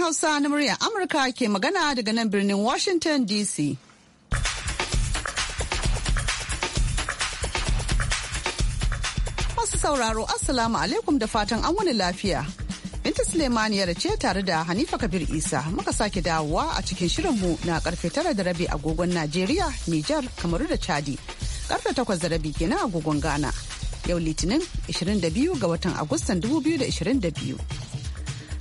Hausa na muryar Amurka ke magana daga nan birnin Washington DC. Masu sauraro, Assalamu alaikum da fatan an wani lafiya. Binta ya ce tare da Hanifa Kabir Isa muka sake dawowa a cikin shirinmu na karfe tara da rabi agogon Najeriya, Nijar, Kamaru da Chadi. Karfe takwas da rabi kenan agogon Ghana. Yau Litinin 22 ga watan Agustan 2022.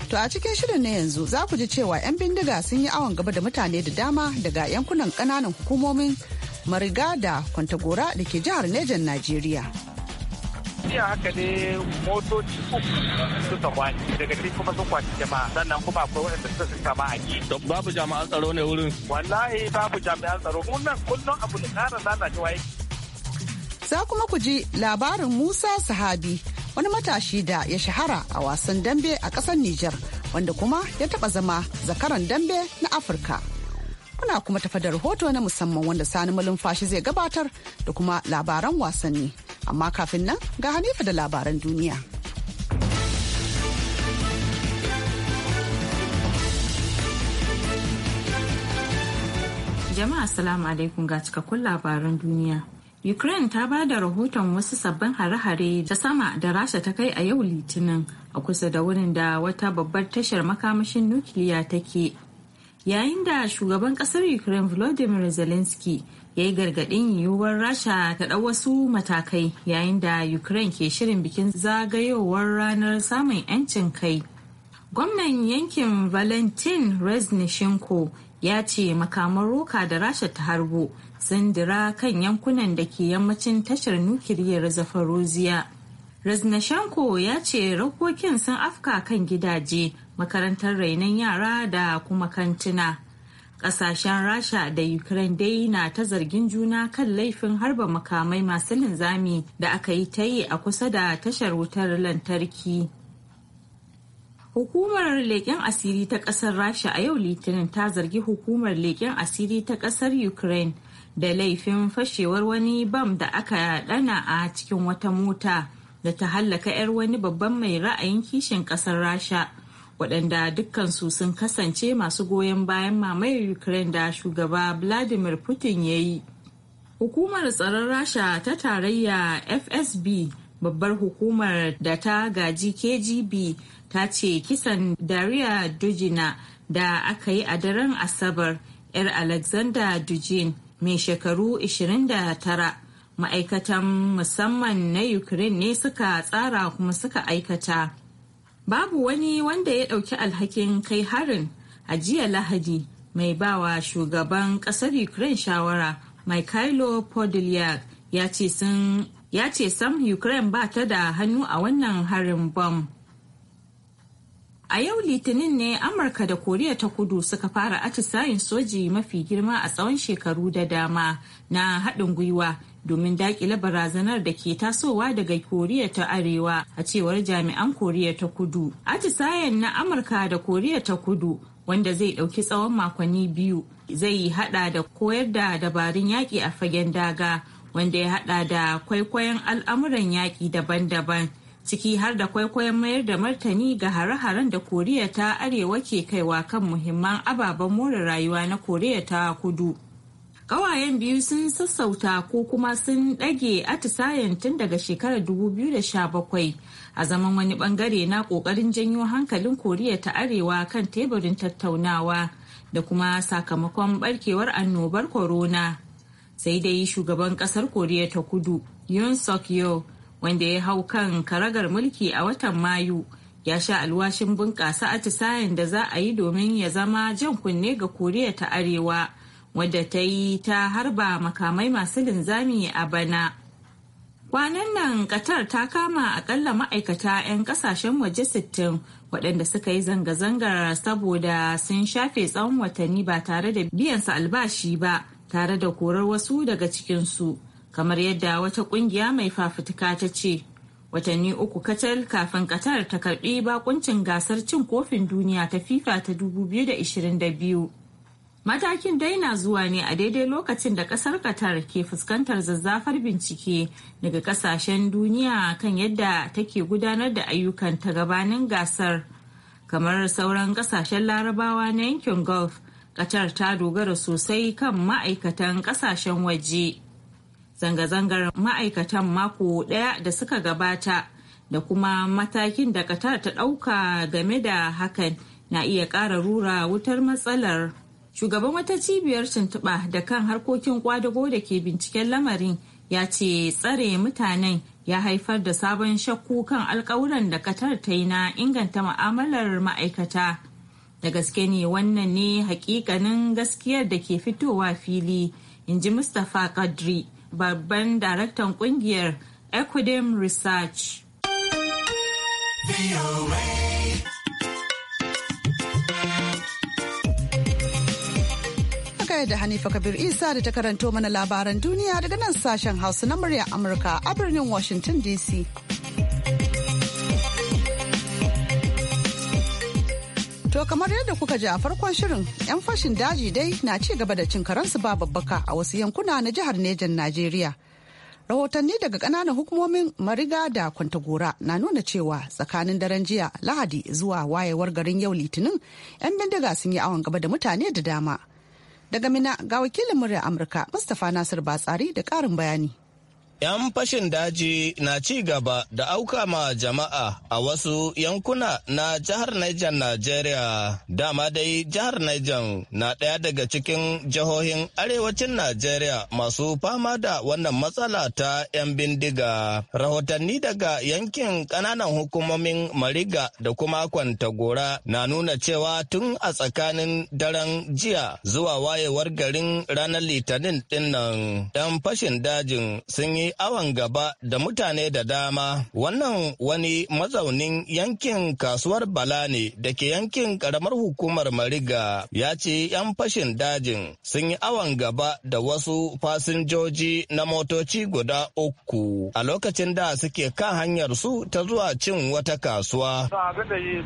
To a cikin shirin na yanzu za ku ji cewa 'yan bindiga sun yi awon gaba da mutane da dama daga yankunan kananan hukumomin mariga da kwantagora da ke jihar Nejan Najeriya. jiya haka ne motoci uku suka kwaci daga cikin kuma sun kwaci jama'a sannan kuma akwai wani da suka kama a ji. babu jami'an tsaro ne wurin. wallahi babu jami'an tsaro wannan kullum abu da ƙara lalacewa yake. Za kuma ku ji labarin Musa Sahabi wani matashi da ya shahara a wasan dambe a ƙasar Nijar wanda kuma ya taɓa zama zakaran dambe na Afirka. Kuna kuma tafa da rahoto na musamman wanda sani malumfashi zai gabatar da kuma labaran wasanni. Amma kafin nan ga Hanifa da labaran duniya. Jama'a salamu alaikum ga cikakkun labaran duniya. Ukraine ta ba da rahoton wasu sabbin hare-hare ta sama da Rasha ta kai a yau Litinin a kusa da wurin da wata babbar tashar makamashin nukiliya take. Yayin da shugaban kasar Ukraine Volodymyr Zelensky ya yi gargaɗin yiwuwar Rasha ta ɗau wasu matakai yayin da Ukraine ke shirin bikin zagayowar ranar samun 'yancin kai. Gwamnan yankin Valentin Reznishenko ya ce makaman roka da rasha ta harbo dira kan yankunan da ke yammacin tashar nukiliyar zafaroziya raznashanko ya ce rakokin sun afka kan gidaje makarantar rainon yara da kuma kantina kasashen rasha da ukraine dai na ta zargin juna kan laifin harba makamai masu linzami da aka yi ta yi a kusa da tashar wutar lantarki Hukumar leƙen asiri ta ƙasar Rasha a yau Litinin ta zargi hukumar leƙen asiri ta ƙasar Ukraine da laifin fashewar wani bam da aka ɗana a cikin wata mota da ta hallaka 'yar wani babban mai ra'ayin kishin ƙasar Rasha waɗanda dukkansu sun kasance masu goyon bayan mamayar Ukraine da shugaba Vladimir Putin ya yi. Hukumar tsaron Rasha ta tarayya FSB babbar hukumar da ta gaji KGB ta ce kisan dariya dujina da aka yi a daren asabar 'yar alexander dujin mai shekaru 29 ma'aikatan musamman na ukraine ne suka tsara kuma suka aikata babu wani wanda ya dauki alhakin kai harin a jiya lahadi mai bawa shugaban kasar ukraine shawara mikhailo podolyak ya ce sam ukraine ba ta da hannu a wannan harin bom A yau Litinin ne Amurka da Koriya ta Kudu suka fara atisayin soji mafi girma a tsawon shekaru da dama na haɗin gwiwa domin daƙile barazanar da ke tasowa daga koriya ta arewa a cewar jami'an koriya ta kudu atisayen na amurka da koriya ta kudu wanda zai ɗauki tsawon makonni biyu zai haɗa da koyar da dabarun yaƙi a fagen daga wanda ya haɗa da kwaikwayon al'amuran yaƙi daban-daban ciki har da kwaikwayon mayar da martani ga hare-haren da koriya ta arewa ke kaiwa kan muhimman ababen more rayuwa na koriya ta kudu ƙawayen biyu sun sassauta ko kuma sun ɗage atisayen tun daga shekarar 2017 a zaman wani bangare na ƙoƙarin janyo hankalin koriya ta arewa kan teburin tattaunawa da kuma sakamakon barkewar annobar corona sai dai shugaban ƙasar koriya ta kudu yun suk wanda ya hau kan karagar mulki a watan mayu ya sha alwashin bunƙasa atisayen da za a yi domin ya zama jan kunne ga koriya ta arewa wadda ta yi ta harba makamai masu linzami a bana kwanan nan qatar ta kama akalla ma'aikata 'yan kasashen waje 60 waɗanda suka yi zanga-zangar saboda sun shafe tsawon watanni ba tare da biyan su albashi ba tare da korar wasu daga cikinsu kamar yadda wata kungiya mai fafutuka ta ce watanni uku kacal kafin qatar ta karbi bakuncin gasar cin kofin duniya ta fifa ta 2022 matakin daina zuwa ne a daidai lokacin da kasar qatar ke fuskantar zazzafar bincike daga kasashen duniya kan yadda take gudanar da ayyukan ta gabanin gasar kamar sauran kasashen larabawa na yankin golf. qatar ta dogara sosai kan ma'aikatan kasashen waje. zanga-zangar ma'aikatan mako ɗaya da suka gabata da kuma matakin da Qatar ta ɗauka game da hakan na iya ƙara rura wutar matsalar. Shugaban wata cibiyar tuntuɓa da kan harkokin kwadago da ke binciken lamarin ya ce tsare mutanen ya haifar da sabon shakku kan alkawuran da Qatar ta yi na inganta ma'amalar ma'aikata. Da gaske ne wannan ne hakikanin gaskiyar da ke fitowa fili, in ji Mustapha Kadri. babban daraktan kungiyar equidem research da Hanifa Kabir Isa da ta karanto mana labaran duniya daga nan sashen Hausa na murya Amurka a birnin Washington DC. To kamar yadda kuka ji a farkon shirin 'yan fashin daji dai na ci gaba da cin karansu ba babbaka a wasu yankuna na jihar Nejan Najeriya. Rahotanni daga ƙananan hukumomin Mariga da Kwantagora na nuna cewa tsakanin daren jiya Lahadi zuwa wayewar garin yau Litinin 'yan bindiga sun yi awon gaba da mutane da dama. Daga Mina ga wakilin murya Amurka Mustapha Nasir Batsari da Karin bayani. 'Yan fashin daji na ci gaba da auka ma jama'a a wasu yankuna na jihar Niger Najeriya. Dama dai jihar Niger na ɗaya daga cikin jihohin arewacin Najeriya masu fama da wannan matsala ta 'yan bindiga. Rahotanni daga yankin ƙananan hukumomin Mariga da kuma Kwantagora na nuna cewa tun a tsakanin daren jiya zuwa wayewar garin ranar Litinin ɗinnan 'yan fashin dajin sun yi awan gaba da mutane da dama. Wannan wani mazaunin yankin kasuwar Bala ne da ke yankin karamar hukumar Mariga ya ce 'yan fashin dajin sun yi awan gaba da wasu fasinjoji na motoci guda uku a lokacin da suke kan hanyar su ta zuwa cin wata kasuwa. suka yi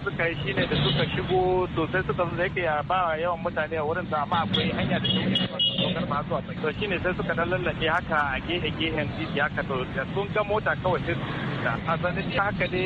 sai suka dan lallace haka a gehe-gehen ya kaso da sun ga mota kawai sai mota a sanadin haka ne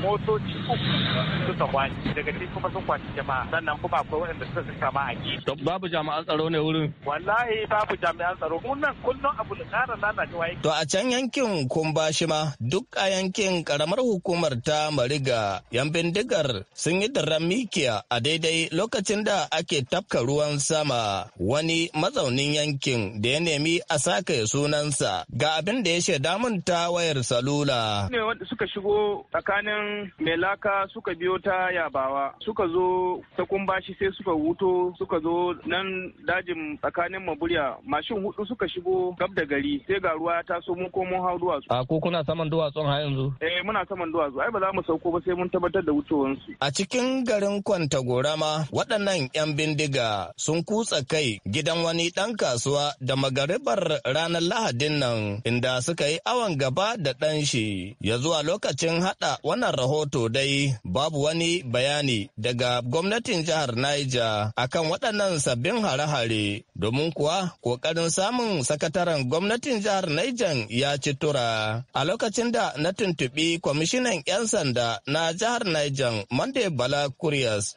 motoci uku suka kwaci daga cikin kuma sun kwaci jama'a sannan kuma akwai waɗanda suka sun ma a gefe. babu jami'an tsaro ne wurin. wallahi babu jami'an tsaro mun nan kullum abu da ƙara lalacewa yake. to a can yankin ma duk a yankin karamar hukumar ta mariga yan bindigar sun yi daren mikiya a daidai lokacin da ake tafka ruwan sama wani mazaunin yankin da ya nemi a sake sunansa ga abin da ya shaida mun ta wayar salula. ne wanda suka shigo tsakanin melaka suka biyo ta yabawa suka zo ta kumbashi sai suka wuto suka zo nan dajin tsakanin maburya mashin hudu suka shigo gab da gari sai ga ruwa ya taso mun ko mun hau duwatsu. A ko kuna saman duwatsun har yanzu? Eh muna saman duwatsu ai ba za mu sauko ba sai mun tabbatar da wucewansu. A cikin garin kwanta Gorama, waɗannan 'yan bindiga sun kutsa kai gidan wani dan kasuwa da magaribar ranar Lahadin nan inda suka yi awon gaba da ɗan shi Ya zuwa lokacin hada wannan rahoto dai babu wani bayani daga gwamnatin jihar Niger akan waɗannan sabbin hare-hare domin kuwa ƙoƙarin samun sakataren gwamnatin jihar Niger ya ci tura. A lokacin da na tuntuɓi kwamishinan 'yan sanda na jihar Niger Monday Bala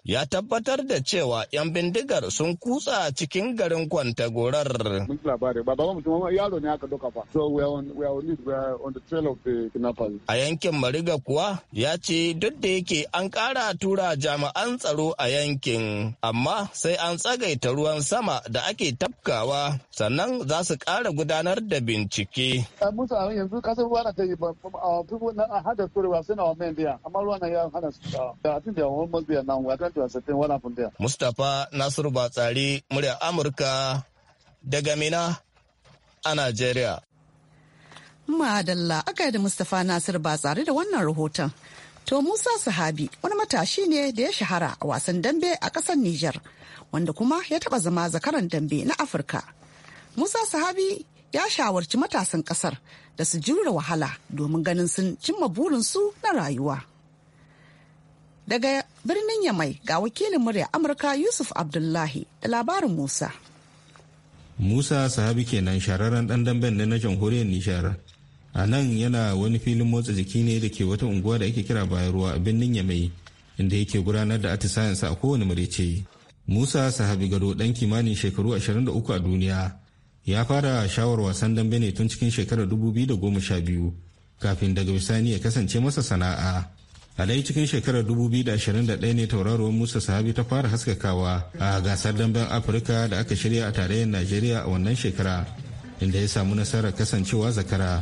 ya tabbatar da cewa 'yan bindigar sun kutsa cikin garin Kwantagorar. Mun ba mutum yaro ne aka doka fa. So we are on, we are on, we are on the trail of the kidnappers. A yankin Mariga kuwa ya ce duk da yake an ƙara tura jami'an tsaro a yankin, amma sai an tsagaita ruwan sama da ake tafkawa sannan za su ƙara gudanar da bincike. yanzu Mustapha Nasiru Batsari, murya Amurka daga Mina a Najeriya. Madalla aka yi da Mustapha Nasir ba tsare da wannan rahoton. To Musa Sahabi wani matashi ne da ya shahara a wasan dambe a ƙasar Nijar wanda kuma ya taɓa zama zakaran dambe na Afirka. Musa Sahabi ya shawarci matasan ƙasar da su jure wahala domin ganin sun cimma burinsu na rayuwa. Daga birnin Yamai ga wakilin murya Amurka Yusuf Abdullahi da labarin Musa. Musa Sahabi kenan shararren ɗan damben ne na jamhuriyar Nijar. a nan yana wani filin motsa jiki ne da ke wata unguwa da ake kira bayan ruwa a birnin yamai inda yake gudanar da atisayensa a kowane marece musa sahabi gado dan kimanin shekaru 23 a duniya ya fara shawar wasan dambe ne tun cikin shekarar 2012 kafin daga bisani ya kasance masa sana'a a dai cikin shekarar 2021 ne tauraruwar musa sahabi ta fara haskakawa a gasar damben afirka da aka shirya a tarayyar najeriya a wannan shekara inda ya samu nasarar kasancewa zakara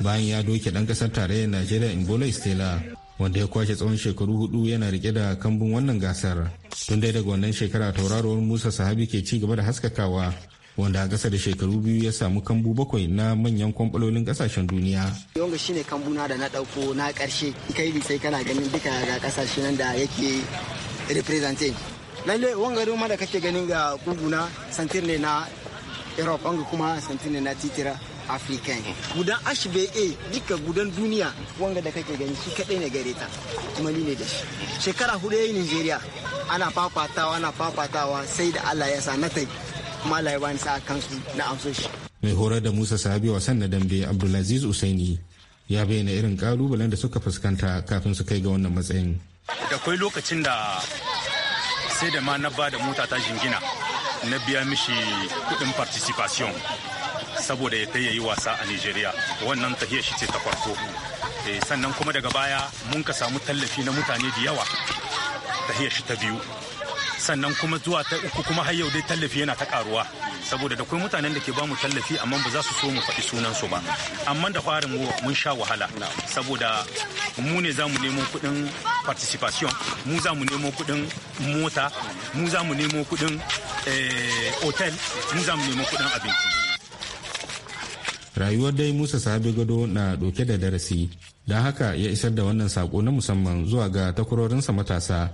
bayan ya doke dan ƙasar tarayyar najeriya imbola stella wanda ya kwashe tsawon shekaru hudu yana rike da kambun wannan gasar tun dai daga wannan shekara tauraruwar musa sahabi ke ci gaba da haskakawa wanda a kasa da shekaru biyu ya samu kambu bakwai na manyan kwamfalolin kasashen duniya. Yonga shi ne kambuna da na dauko na karshe kai sai kana ganin duka ga kasashen nan da yake representing. Lalle wangarin ma da kake ganin ga kuguna santir ne na Europe wanga kuma santir ne na Titira. african gudan ashbe duka gudan duniya wanga da kake gani shi kadai ne gare ta kuma ni ne da shi shekara hudu yayi nigeria ana fafatawa ana fafatawa sai da allah ya sa na tai kuma allah ya bani sa kansu na amso shi mai horar da musa sabi wasan na dambe abdulaziz usaini ya bayyana irin kalubalen da suka fuskanta kafin su kai ga wannan matsayin da kwai lokacin da sai da ma na ba da mota ta jingina na biya mishi kudin participation saboda ya ta yi wasa a nigeria wannan tahiyar shi ce ta farko eh, sannan kuma daga baya mun ka samu tallafi na mutane da yawa tahiyar shi ta biyu sannan kuma zuwa ta uku kuma har yau dai tallafi yana ta karuwa saboda da kwai mutanen da ke ba mu tallafi amma ba za su so mu faɗi sunan su ba amma da farin mu mun sha wahala saboda mu ne za mu nemo kuɗin participation mu za mu nemo kuɗin mota mu za mu nemo kuɗin eh, hotel mu za mu nemo kuɗin abinci rayuwar dai musa sahabi gado na ɗauke da darasi don haka ya isar da wannan sako na musamman zuwa ga takwarorinsa matasa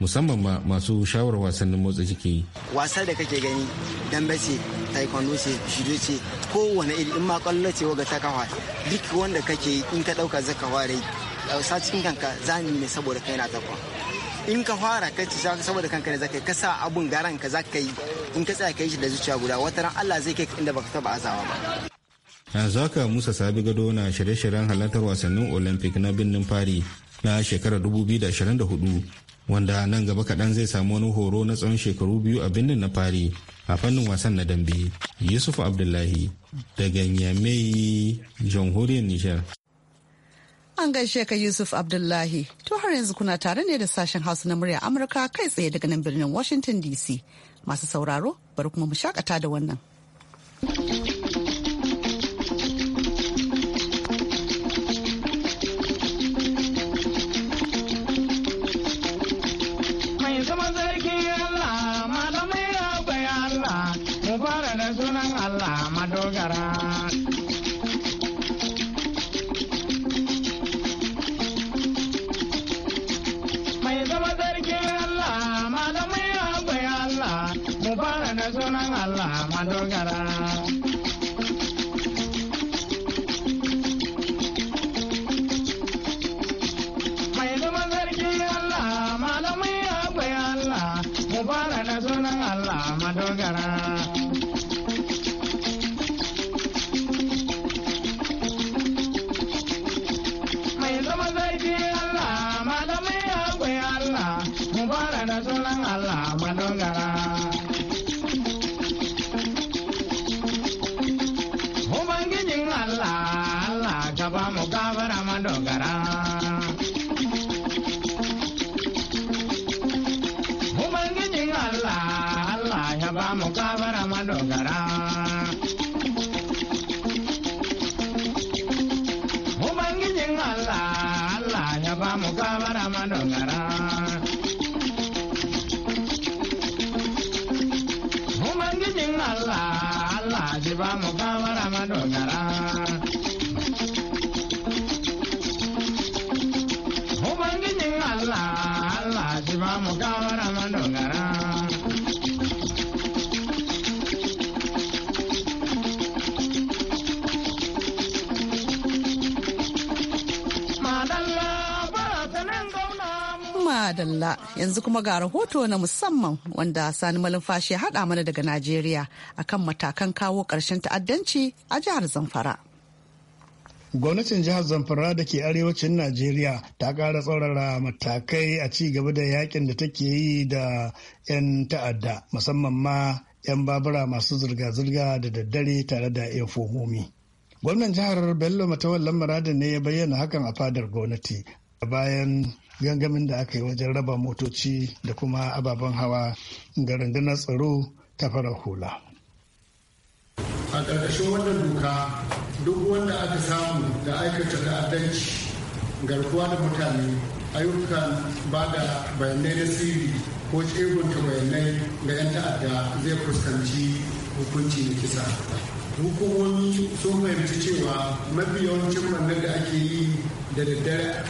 musamman ma masu shawar wasannin motsa jiki wasa da kake gani dambe ce taekwondo ce judo ce kowane iri in ma kwallo ce waga ta kawa duk wanda kake in ka ɗauka zaka ware sa cikin kanka zani ne saboda kai na takwa in ka fara ka ci saboda kanka ne zaka yi ka sa abun garan ka zaka yi in ka tsaya ka yi shi da zuciya guda wata ran Allah zai kai inda baka taba azawa ba yanzu haka musa sabi gado na shirye-shiryen halartar wasannin olympic na birnin fari na shekarar 2024 wanda nan gaba kaɗan zai samu wani horo na tsawon shekaru biyu a birnin na fari a fannin wasan na dambe yusuf abdullahi daga nyamei jamhuriyar nijar an gaishe ka yusuf abdullahi to har yanzu kuna tare ne da sashen hausa na murya amurka kai tsaye daga nan birnin washington dc masu sauraro bari kuma mu shakata da wannan ka ba ma gawar madoga dalla yanzu kuma ga rahoto na musamman wanda sani malumfashi ya haɗa mana daga najeriya akan matakan kawo ƙarshen ta'addanci a jihar zamfara gwamnatin jihar zamfara da ke arewacin najeriya ta ƙara tsaurara matakai a ci gaba da yakin da take yi da 'yan ta'adda musamman ma 'yan babura masu zirga-zirga da daddare tare da 'yan fomomi gwamnan jihar bello matawallan maradin ne ya bayyana hakan a fadar gwamnati bayan gangamin da aka yi wajen raba motoci da kuma ababen hawa ga rundunar tsaro ta fara hula. a ƙarƙashin wannan doka duk wanda aka samu da aikata ta'addanci garkuwa da mutane ayyukan ba da bayanai na sirri ko tsegunta bayanai ga 'yan ta'adda zai fuskanci hukunci na kisa hukumomi sun fahimci cewa mafi yawancin wannan da ake yi da daddare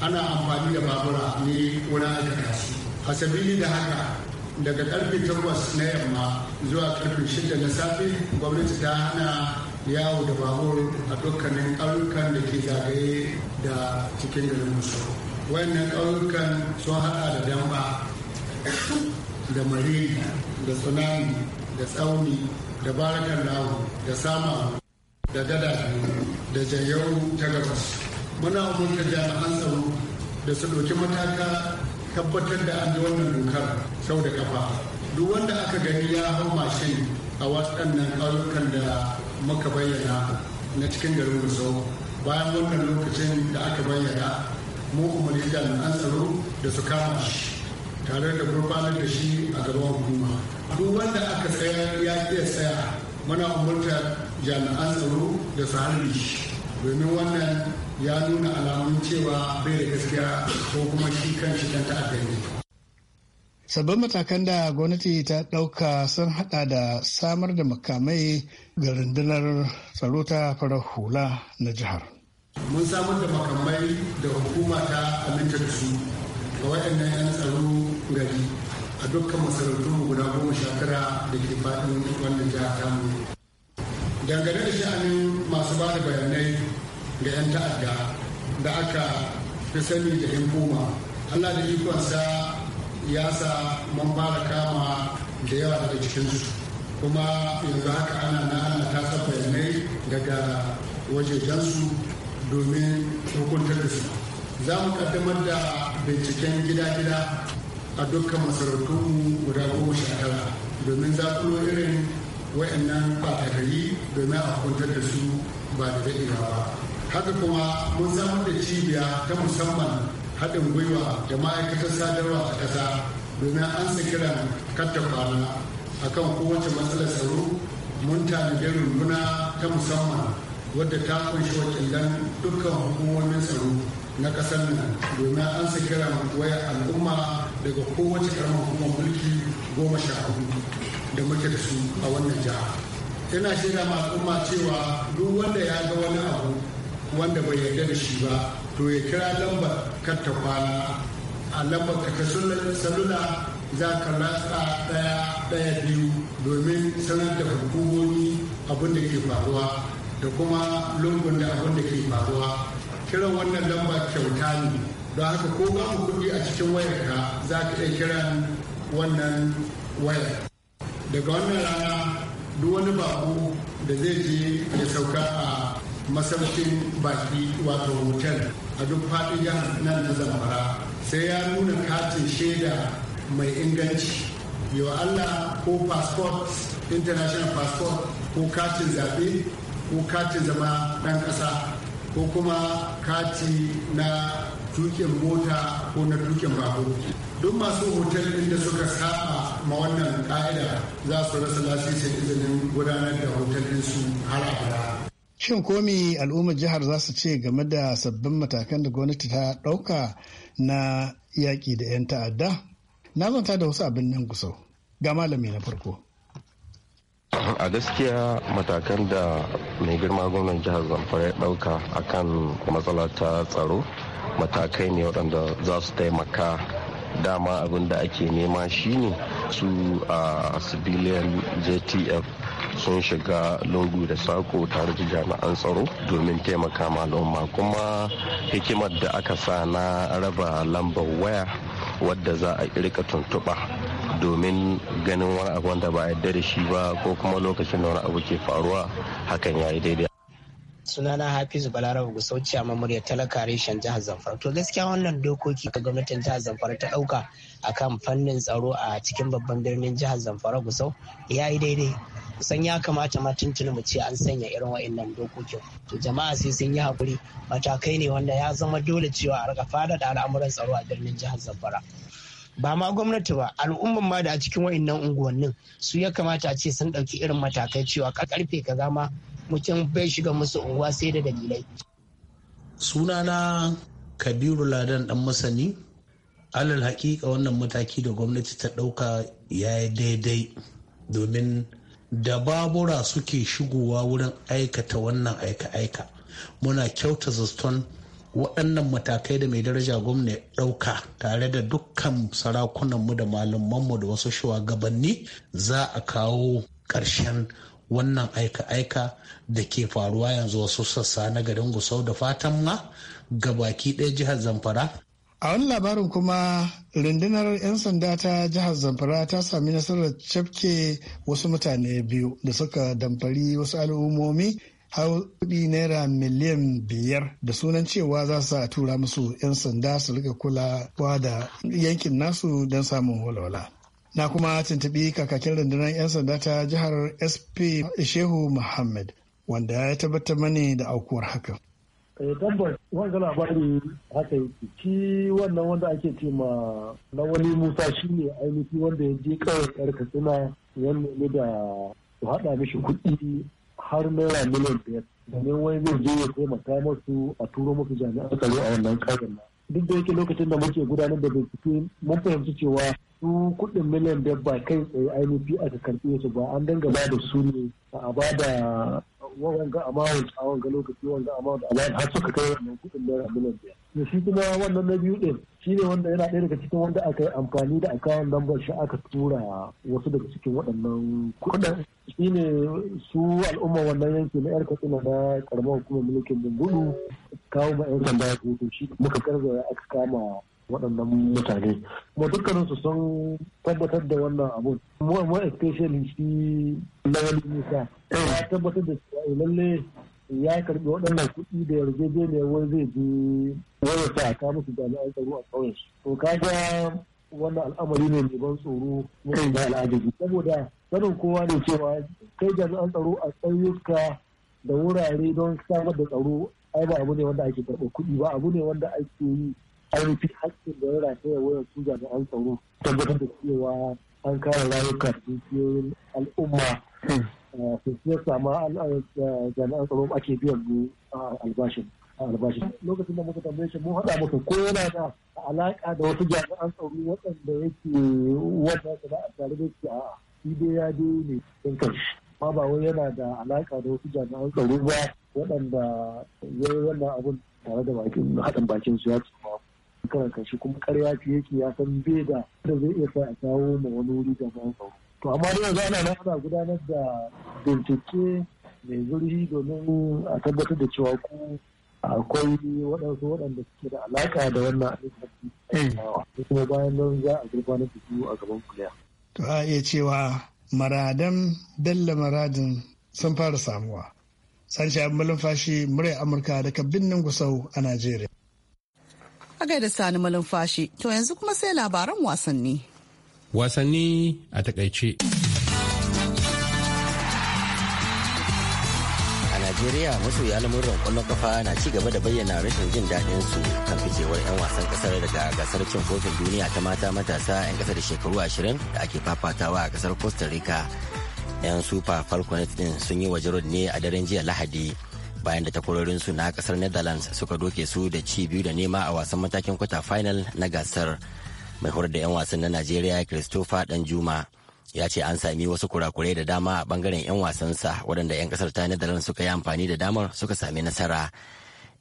ana amfani da babura ne wurin aikata A hasabili da haka daga karfe takwas na yamma zuwa karfe shida na safe gwamnati ta hana yawo da babur a dukkanin ƙauyukan da ke zagaye da cikin garin musu wayannan ƙauyukan sun haɗa da damba da mare da tsunami da tsauni da barakan lahu da sama da gada da jayau ta gabas muna umurta jami'an tsaro da su ɗauki mataka tabbatar da an bi wannan dokar sau da kafa duk wanda aka gani ya hau mashin a waɗannan ƙauyukan da muka bayyana na cikin garin gusau bayan wannan lokacin da aka bayyana mu umarni jami'an tsaro da su kama shi tare da gurbanar da shi a gaban hukuma duk wanda aka tsaya ya iya tsaya muna umarta jami'an tsaro da su harbe shi domin wannan ya nuna alamun cewa bai da gaskiya ko kuma shi kan shi dan ta'adda ne sabbin matakan da gwamnati ta ɗauka sun haɗa da samar da makamai ga rundunar tsaro ta farar hula na jihar mun samar da makamai da hukuma ta aminta da su ga waɗannan 'yan tsaro gari a dukkan masarautun guda goma sha tara da ke faɗin wannan jihar tamu dangane da sha'anin masu ba da bayanai da 'yan ta'adda da aka fi sani da 'yan koma allah da ikonsa ya sa mun fara kama da yawa daga cikin su kuma yanzu haka ana na ana tasar bayanai daga su domin hukuntar da su za mu kaddamar da binciken gida-gida a dukkan masarautunmu guda goma sha tara domin ku irin wa'annan fatakari domin a hukuntar da su ba da daɗewa ba haka kuma mun samar da cibiya ta musamman haɗin gwiwa da ma'aikatar sadarwa a ƙasa domin an sa kiran katta kwana kan kowace matsalar tsaro mun tanadi runduna ta musamman wadda ta kunshi wakilan dukkan hukumomin tsaro na ƙasar nan domin an sa kiran waya al'umma daga kowace karamar hukumar mulki goma sha hudu da muke da su a wannan jiha ina shirya ma al'umma cewa duk wanda ya ga wani abu wanda bai yarda da shi ba to ya kira lambar karta kwana a lambar ta salula za ka ratsa daya daya biyu domin sanar da hukumomi abin da ke faruwa da kuma lungun da abin da ke faruwa kiran wannan lamba kyauta ne don haka ko ba mu kuɗi a cikin wayarka za ka iya kiran wannan wayar daga wannan rana duk wani babu da zai je ya sauka a masaukin baki wato hotel a duk faɗin jihar nan na zamfara sai ya nuna katin shaida mai inganci yau allah ko passport international passport ko katin zaɓe ko katin zama ɗan ƙasa ko kuma kati na tukin mota ko na tukin babur duk masu hotel ɗin da suka saba ma wannan ƙa'ida za su rasa lasisin izinin gudanar da hotel dinsu har abada Shin komi al'ummar jihar za su ce game da sabbin matakan da gwamnati ta ɗauka na yaƙi da 'yan ta'adda? Na zanta da wasu abin nan gusau. Ga malami na farko. a gaskiya matakan da mai girma gwamnan jihar zamfara ya ɗauka kan matsala ta tsaro matakai ne waɗanda za su taimaka dama abin da ake nema shine su a civilian jtf sun shiga lungu da sako tare da jami'an tsaro domin taimaka ma al'umma kuma hikimar da aka sa na raba lambar waya wadda za a irka tuntuɓa domin ganin wani abu wanda ba yadda da shi ba ko kuma lokacin da wani abu ke faruwa hakan ya yi daidai sunana hafizu balarabu gusauci a mamuriyar talaka reshen jihar zamfara to gaskiya wannan dokoki ka gwamnatin jihar zamfara ta dauka kan fannin tsaro a cikin babban birnin jihar zamfara gusau ya yi daidai san ya kamata ma tuntuni mu ce an sanya irin wa'annan dokokin to jama'a sai sun yi hakuri matakai ne wanda ya zama dole cewa a rika fada da al'amuran tsaro a birnin jihar zamfara ba ma gwamnati ba al'umman ma da a cikin wa'annan unguwannin su ya kamata a ce sun ɗauki irin matakai cewa karfe kaza ma mutum bai shiga musu unguwa sai da dalilai sunana kabiru ladan dan masani alal hakika wannan mataki da gwamnati ta ɗauka ya yi daidai domin da babura suke shigowa wurin aikata wannan aika-aika muna kyauta zaston waɗannan matakai da mai daraja gwamna ya ɗauka tare da dukkan sarakunanmu da malamanmu da wasu shugabanni za a kawo ƙarshen wannan aika-aika da ke faruwa yanzu wasu sassa na garin gusau da fatan ma ga baki ɗaya jihar zamfara A wani labarin kuma rundunar 'yan sanda ta jihar Zamfara ta sami nasarar cafke wasu mutane biyu da suka damfari wasu al'ummomi har kudi naira miliyan biyar da sunan cewa za su tura musu 'yan sanda su rika kulawa da yankin nasu don samun walwala. Na kuma tuntuɓi kakakin rundunar 'yan sanda ta jihar SP Shehu Muhammad wanda ya tabbatar mani da aukuwar hakan. eh tabbas wanga labari haka yake shi wannan wanda ake ce ma na wani musa shi ne ainihi wanda ya je kawai yar katsina ya nemi da su haɗa mishi kuɗi har naira miliyan biyar da ne wani zai je ya taimaka masu a turo musu jami'an tsaro a wannan ƙasar duk da yake lokacin da muke gudanar da bincike mun fahimci cewa su kuɗin miliyan biyar ba kai tsaye ainihi aka karɓe su ba an danga ba da su ne a ba da wanga amount a wanga lokaci wanga amount a bayan har suka kai wannan kuɗin naira miliyan biyar shi kuma wannan na biyu ɗin shi ne wanda yana ɗaya daga cikin wanda aka yi amfani da akawun lambar shi aka tura wasu daga cikin waɗannan kudin shi ne su al'umma wannan yanki na 'yar katsina na karamar hukumar mulkin bungudu kawo ma 'yan sanda ya shi muka garzaya aka kama waɗannan mutane kuma su sun tabbatar da wannan abun mu especially shi ne nisa ya tabbatar da cewa eh, lalle ya karɓi waɗannan kuɗi da yarjejeniyar wai zai je wani sa kawo musu jami'an tsaro a ƙauyen su to kaga wannan al'amari ne mai ban tsoro mai da al'ajabi saboda sanin kowa ne cewa kai jami'an tsaro a ƙauyuka da wurare don samar da tsaro ai ba abu ne wanda ake karɓar kuɗi ba abu ne wanda ake yi ainihin haske da ya ya wayar su jami'an tsaro tabbatar da cewa an kare rayuka dukiyoyin al'umma su eh, siya sama eh, jami'an tsaro ake biyan mu ah, albashin ah, albashin lokacin da muka tambaye shi mun haɗa muka ko yana da alaƙa da wasu jami'an tsaro waɗanda yake wanda su a tare da shi a dai ya dai ne don kai ma ba wai yana da alaƙa da wasu jami'an tsaro ba waɗanda ya wannan abun tare da haɗin bakin su ya tsoma karan shi kuma karya ce yake ya san bai da da zai iya sa a kawo ma wani wuri da ba tsaro to amma da yanzu ana ana gudanar da bincike mai zurfi domin a tabbatar da cewa ku akwai waɗansu waɗanda suke da alaƙa da wannan alifafi eh. kuma bayan nan za a zurfa da su a gaban kuliya. to a iya cewa maradan bello maradin sun fara samuwa. Sanshi Abin Malumfashi, Murai Amurka daga binnin Gusau a Najeriya. a gaida sani malumfashi to yanzu kuma sai labaran wasanni wasanni a takaice Najeriya masoya lamuran kwallon kafa na ci gaba da bayyana rashin jin daɗin su kan ficewar 'yan wasan ƙasar daga gasar cin kofin duniya ta mata matasa 'yan ƙasa da shekaru 20 da ake fafatawa a ƙasar Costa Rica. 'Yan Super falconet din sun yi waje ne a daren jiya Lahadi bayan da takwarorin takwarorinsu na kasar netherlands suka doke su da ci biyu da nema a wasan matakin kwata final na gasar mai horar da 'yan wasan na najeriya christopher juma ya ce an sami wasu kurakurai da dama a bangaren 'yan wasansa waɗanda 'yan kasar ta netherlands suka yi amfani da damar suka sami nasara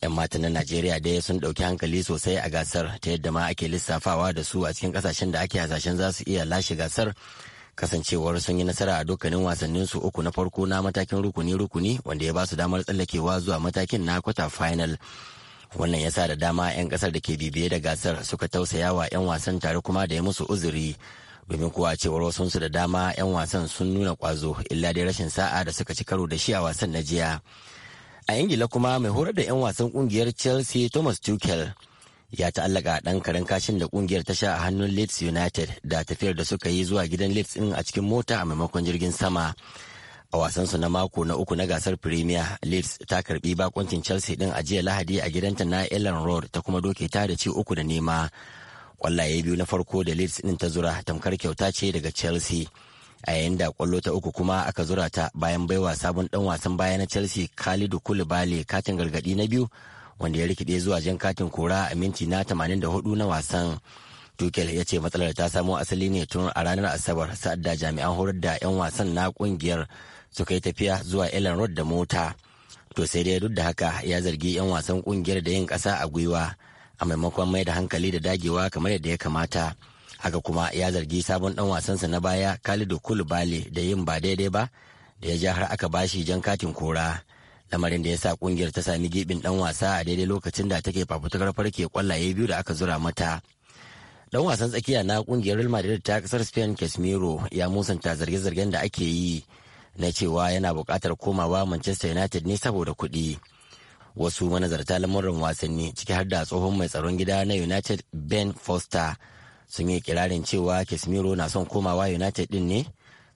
'yan matan na najeriya dai sun ɗauki hankali sosai a gasar ta yadda ma ake lissafawa da su a cikin kasashen da ake hasashen za su iya lashe gasar kasancewar sun yi nasara a dukkanin wasannin su uku na farko na matakin rukuni-rukuni wanda ya ba su damar tsallakewa zuwa matakin na kwata final wannan ya sa da dama 'yan kasar da ke bibiye da gasar suka tausaya wa 'yan wasan tare kuma da ya musu uzuri domin kuwa cewar wasansu da dama 'yan wasan sun nuna kwazo illa dai rashin sa'a da suka ci karo da shi a wasan na jiya a ingila kuma mai horar da 'yan wasan kungiyar chelsea thomas tuchel ya ta'allaka ɗan karen kashin da ƙungiyar ta sha a hannun Leeds United da tafiyar da suka yi zuwa gidan Leeds ɗin a cikin mota a maimakon jirgin sama. A wasansu na mako na uku na gasar Premier, Leeds ta karbi bakuncin Chelsea ɗin a jiya Lahadi a gidanta na Ellen Road ta kuma doke ta da ci uku da nema. Kwallaye biyu na farko da Leeds ɗin ta zura tamkar kyauta ce daga Chelsea. a yayin da kwallo ta uku kuma aka zura ta bayan baiwa sabon ɗan wasan baya na chelsea khalidu Koulibaly, katin gargaɗi na biyu wanda ya rikide zuwa jan katin kora a minti na 84 na wasan tukel ya ce matsalar ta samo asali ne tun a ranar asabar sa'ad da jami'an horar da 'yan wasan na kungiyar suka yi tafiya zuwa ellen road da mota to sai dai duk da haka ya zargi 'yan wasan kungiyar da yin kasa a gwiwa a maimakon mai da hankali da dagewa kamar yadda ya kamata haka kuma ya zargi sabon dan wasansa na baya khalidu kulubali da yin ba daidai ba da ya ja har aka bashi jan katin kora lamarin da ya sa kungiyar ta sami gibin dan wasa a daidai lokacin da take fafutukar farke kwallaye biyu da aka zura mata dan wasan tsakiya na kungiyar real madrid ta kasar spain casmiro ya musanta zarge-zargen da ake yi na cewa yana bukatar komawa manchester united ne saboda kuɗi wasu manazarta lamurin wasanni ciki har da tsohon mai tsaron gida na united ben foster sun yi kirarin cewa casemiro na son komawa united din ne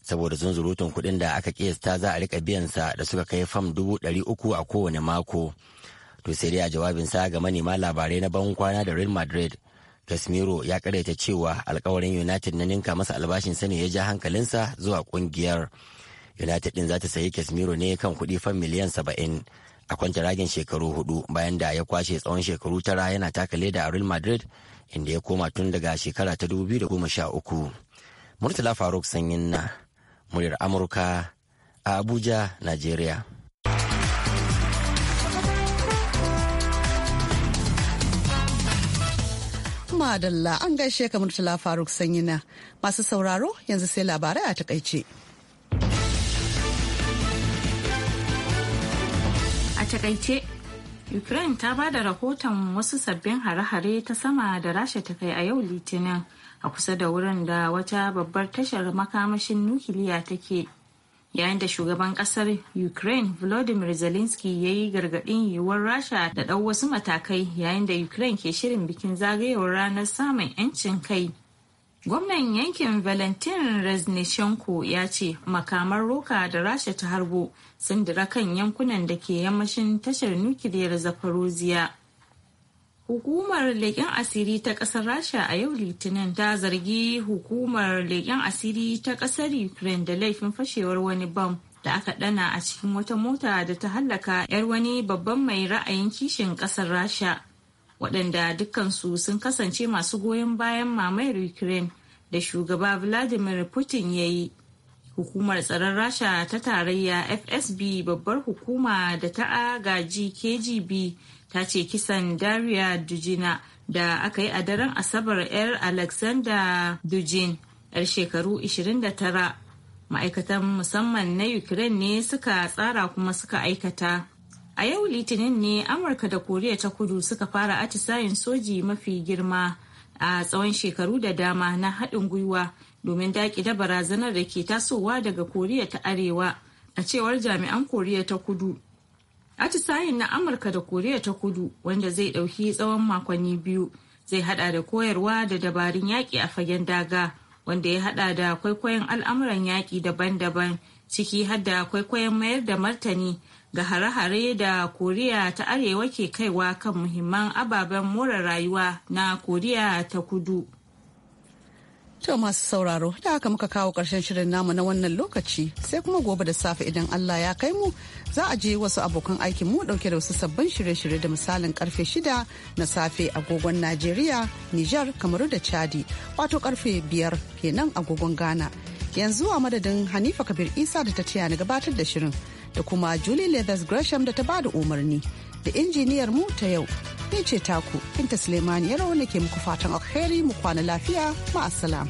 saboda zunzurutun kuɗin da aka kiyasta za a rika biyansa da suka kai fam dubu ɗari uku a kowane mako. To sai dai a jawabinsa ga manema labarai na ban kwana da Real Madrid, Casemiro ya karaita cewa alkawarin United na ninka masa albashin sani ya ja hankalinsa zuwa kungiyar. United din za ta sayi Casemiro ne kan kuɗi fam miliyan saba'in a kwanta ragin shekaru hudu bayan da ya kwashe tsawon shekaru tara yana taka leda a Real Madrid inda ya koma tun daga shekara ta goma sha uku. Murtala Faruk Sanyin na muryar Amurka a Abuja, Najeriya. Madalla an gaishe ka Murtala Faruk Sanyina. Masu sauraro yanzu sai labarai a takaice. A takaice, Ukraine ta ba da rahoton wasu sabbin hare-hare ta sama da Rasha ta kai a yau Litinin. a kusa da wurin da wata babbar tashar makamashin nukiliya take yayin da shugaban kasar ukraine volodymyr zelensky ya yi gargaɗin yiwuwar rasha da ɗau wasu matakai yayin da ukraine ke shirin bikin zagayewar ranar samun 'yancin kai gwamnan yankin valentin reznishenko ya ce makamar roka da rasha ta harbo sun dira kan yankunan da ke yammashin tashar nukiliyar zaporozhia Hukumar leƙen asiri ta ƙasar Rasha a yau Litinin ta zargi hukumar leƙen asiri ta ƙasar Ukraine da laifin fashewar wani bam da aka ɗana a cikin wata mota da ta hallaka 'yar wani babban mai ra'ayin kishin ƙasar Rasha, waɗanda dukkansu sun kasance masu goyon bayan mamayar Ukraine da shugaba Vladimir Putin ya yi. Hukumar tsaron Rasha ta tarayya FSB babbar hukuma da ta agaji KGB ta ce kisan daria dujina da aka yi a daren asabar 'yar alexander dujin 'yar shekaru 29 ma'aikatan musamman na ukraine ne suka tsara kuma suka aikata a yau litinin ne amurka da koriya ta kudu suka fara atisayin soji mafi girma a tsawon shekaru da dama na haɗin gwiwa domin daƙi da barazanar da ke tasowa daga koriya ta arewa a cewar jami'an koriya ta kudu Atisayin na Amurka da Koriya ta Kudu wanda zai dauki tsawon makonni biyu zai hada da koyarwa da dabarun yaki a fagen daga wanda ya hada da kwaikwayon al'amuran yaki daban-daban ciki har da kwaikwayon mayar da martani ga hare-hare da Koriya ta Arewa ke kaiwa kan muhimman ababen more rayuwa na Koriya ta Kudu. To masu sauraro da haka muka kawo ƙarshen shirin namu na wannan lokaci sai kuma gobe da safe idan Allah ya kai mu za a je wasu abokan aikin mu dauke da wasu sabbin shirye-shirye da misalin karfe shida na safe agogon Najeriya, Nijar, Kamaru da Chadi wato karfe biyar kenan agogon Ghana. Yanzu a madadin Hanifa Kabir Isa da ta taya ni gabatar da shirin da kuma Julie Leathers Gresham da ta bada umarni. da injiniyar mu ta yau ni ce taku inta Suleimani ya rawa ke muku fatan alheri mu kwana lafiya ma'asalam.